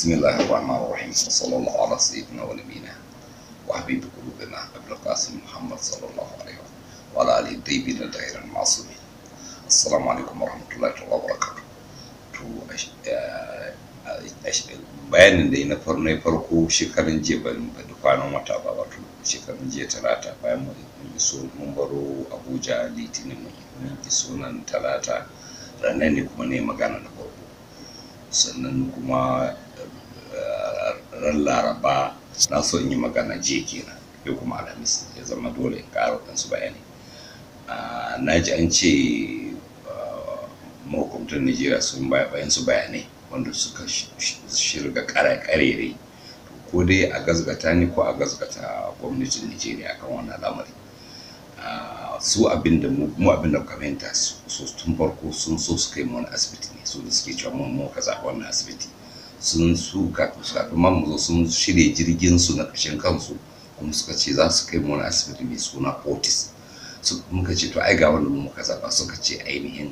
بسم الله الرحمن الرحيم صلى الله على سيدنا ونبينا وحبيب قلوبنا ابن القاسم محمد صلى الله عليه وعلى اله الطيبين الدائر المعصومين السلام عليكم ورحمه الله وبركاته تو اش بيان دي نفر ناي فاركو شكر جبل دوكانو متا بابا شكر جي تراتا باي مو سو نمبرو ابوجا ليتين مي نتي سونان رانني كوني magana na babu sannan laraba na so in yi magana je kenan yau kuma alhamis ya zama dole in ƙara waɗansu bayani na ji an ce mahukuntar nigeria sun bayan su bayanai wanda suka shirga ƙare-ƙarere ko dai a gazgata ni ko a gazgata gwamnatin nigeria kan wannan al'amari su abin da mu abin da kamenta su tun farko sun so su kai mu asibiti ne su da suke cewa mu ka zaɓa wannan asibiti sun su kafin mu zo sun shirya jirgin su na ƙarshen kansu kuma suka ce za su kai mu asibiti mai suna Fortis muka ce to ai ga mu muka zaba suka ce ainihin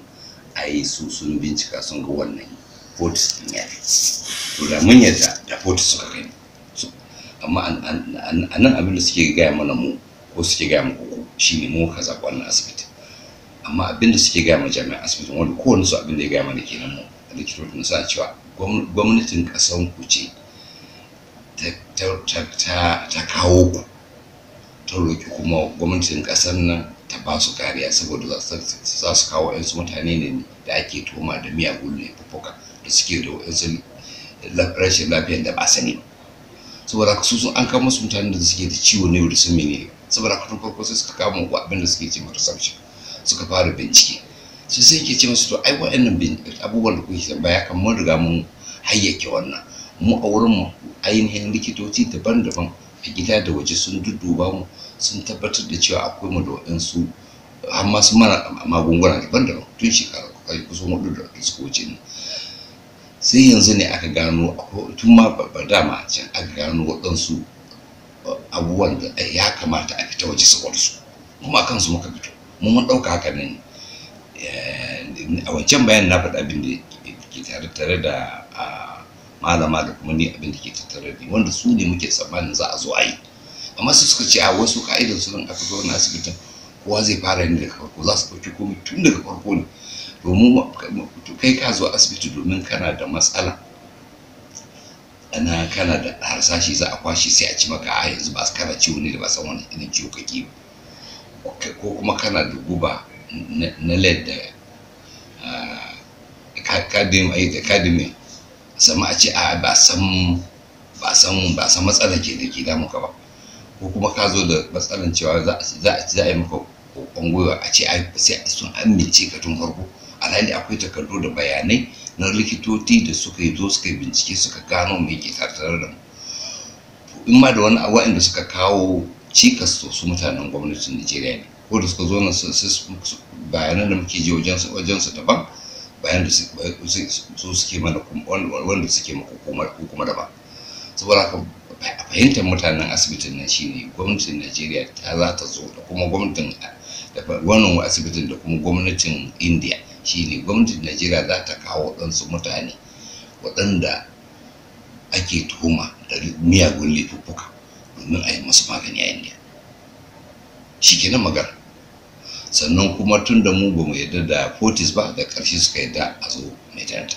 ai su sun bincika sun ga wannan Fortis din ya to da mun yarda da Fortis suka kai amma a nan abin da suke gaya mana mu ko suke gaya mu ko ne mu ka zaba wannan asibiti amma abin da suke gaya mana jami'an asibitin wanda kowanne su abin da ya gaya mana kenan mu likitocin suna cewa gwamnatin ƙasan ku ce ta kawo ku ta roƙi kuma gwamnatin ƙasar nan ta ba su kariya saboda za su kawo 'yansu mutane ne da ake toma da miyagun laifuka da suke da 'yansu rashin lafiyar da ba sani saboda haka su sun an kama su mutanen da suke da ciwo ne da sun mene saboda haka tun farko sai suka kama abin da suke ce mata suka fara bincike sai sai ke ce musu to ai bin abubuwan da kuke san ya kan mun riga mun hayyake wannan mu a wurin mu ainihin likitoci daban-daban a gida da waje sun dudduba mu sun tabbatar da cewa akwai mu da waɗansu har ma sun mana magunguna daban-daban tun shekara kusan hudu da suka wuce ne sai yanzu ne aka gano tun ma ba dama can aka gano waɗansu uh, abubuwan da ya kamata a fita waje saboda su kuma kansu muka fito mu mun ɗauka haka ne a wancan bayan na faɗa abin da ke tare da malama da kuma ni abin da ke tattare da wanda su ne muke tsammanin za a zo a yi amma su suka ce a wasu ka'idar su aka zo na asibitin kowa zai fara ne daga farko za su ɗauki komai tun daga farko ne domin kai ka zo asibiti domin kana da matsala ana kana da harsashi za a kwashe sai a ci maka a yanzu ba su kana ciwo ne da ba san wani irin ciwo kake ko kuma kana da guba na led da academy da academy sama a ce a ba san ba san ba san matsalar ke da ke damu ba ko kuma ka zo da matsalan cewa za a yi maka kokon gwiwa a ce ai sai sun amince ce tun farko alhali akwai takardu da bayanai na likitoci da suka yi zo suka bincike suka gano me ke tattare da mu in ma da wani da suka kawo cikas to su mutanen gwamnatin nigeria ne ko da suka zo nan su bayanan da muke ji wajen su daban bayan da su suke mana wanda suke ma kuma da ba saboda haka a fahimtar mutanen asibitin nan shine gwamnatin najeriya ta za ta zo da kuma gwamnatin da wannan asibitin da kuma gwamnatin india shine gwamnatin najeriya za ta kawo waɗansu mutane waɗanda ake tuhuma da miyagun laifuffuka domin a yi masu magani a india shi kenan magana sannan kuma tun da mu ba mu yadda da fortis ba da ƙarshe suka yadda a zo mai tanta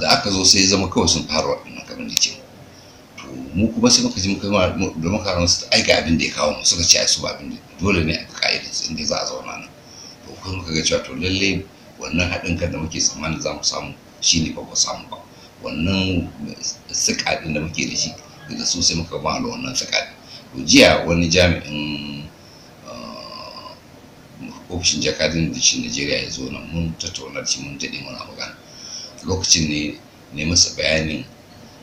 da aka zo sai zama kawai sun fara waɗannan kamar da ke to mu kuma sai muka ji da makarar su aika abin da ya kawo mu suka ce su ba abin da dole ne a ka'ida sun su inda za a zauna nan to kuma muka ga cewa to lalle wannan haɗin kan da muke tsammanin za mu samu shi ba babba samu ba wannan sikaɗin da muke da shi da su sai muka ba wannan sikaɗin to jiya wani jami'in ofishin jakadun da shi najeriya ya zo nan mun tattauna shi mun daɗe muna magana lokacin ne ne masa bayanin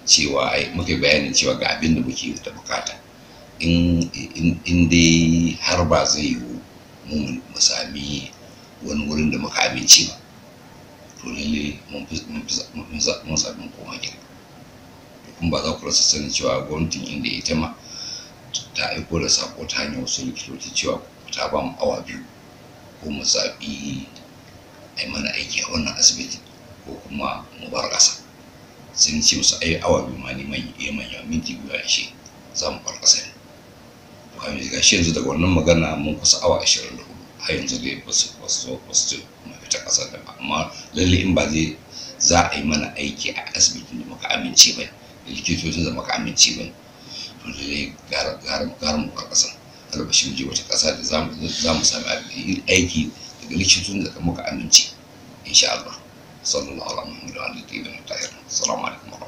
cewa muka bayanin cewa ga abin da muke da bukata in dai har ba zai yiwu mu sami wani wurin da muka amince ba to lalle mun sami koma gida kun ba za ku rasa sanin cewa gwamnatin inda ita ma ta aiko da sako ta hanyar wasu likitoci cewa ta ba mu awa biyu ko zaɓi a mana aiki a wannan asibiti ko kuma mu bar ƙasa sun ce musu ai awa biyu ma neman eh, ya manya minti biyu a ishe za mu bar ƙasa ne ba kafin ga shi yanzu daga wannan magana mun kusa awa ashirin da hudu har yanzu dai ba su ba su ba su fita ƙasa da ba amma lalle in ba zai za a yi mana aiki a asibitin da muka amince ba da likitocin da muka amince ba to lalle gara mu bar ƙasa albashin je wata ƙasa da za mu sami aiki daga likitun da muka amince insha Allah sallallahu alaihi wa sallam Assalamu alaikum